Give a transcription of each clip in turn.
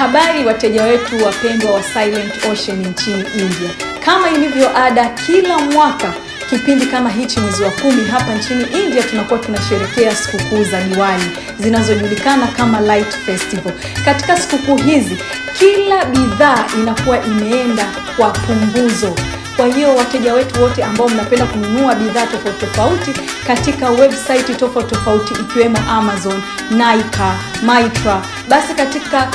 Habari wateja wetu wapendwa wa Silent Ocean nchini India. Kama ilivyo ada, kila mwaka kipindi kama hichi mwezi wa kumi hapa nchini India tunakuwa tunasherekea sikukuu za Diwali zinazojulikana kama Light Festival. Katika sikukuu hizi kila bidhaa inakuwa imeenda kwa punguzo. Kwa hiyo wateja wetu wote ambao mnapenda kununua bidhaa tofauti tofauti katika website tofauti tofauti ikiwemo Amazon, Nykaa, Myntra, basi katika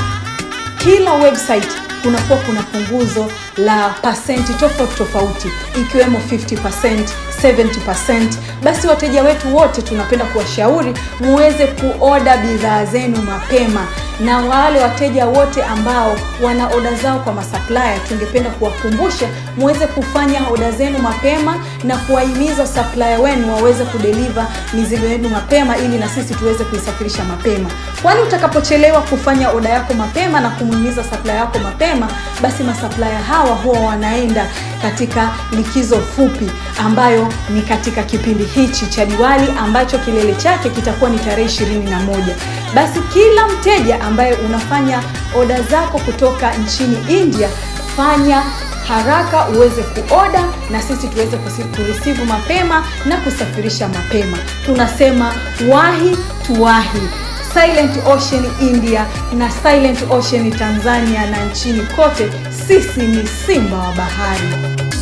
kila website kunakuwa kuna punguzo la pasenti tofauti tofauti ikiwemo 50%, 70%. Basi wateja wetu wote tunapenda kuwashauri muweze kuoda bidhaa zenu mapema, na wale wateja wote ambao wana oda zao kwa masupplier, tungependa kuwakumbusha muweze kufanya oda zenu mapema na kuwahimiza supplier wenu waweze kudeliver mizigo yenu mapema, ili na sisi tuweze kuisafirisha mapema, kwani utakapochelewa kufanya oda yako mapema na kumuhimiza supplier yako mapema, basi masupplier hao hawa huwa wanaenda katika likizo fupi ambayo ni katika kipindi hichi cha Diwali ambacho kilele chake kitakuwa ni tarehe ishirini na moja. Basi kila mteja ambaye unafanya oda zako kutoka nchini India, fanya haraka uweze kuoda na sisi tuweze kurisivu mapema na kusafirisha mapema. Tunasema wahi tuwahi. Silent Ocean India na Silent Ocean Tanzania na nchini kote, sisi ni Simba wa Bahari.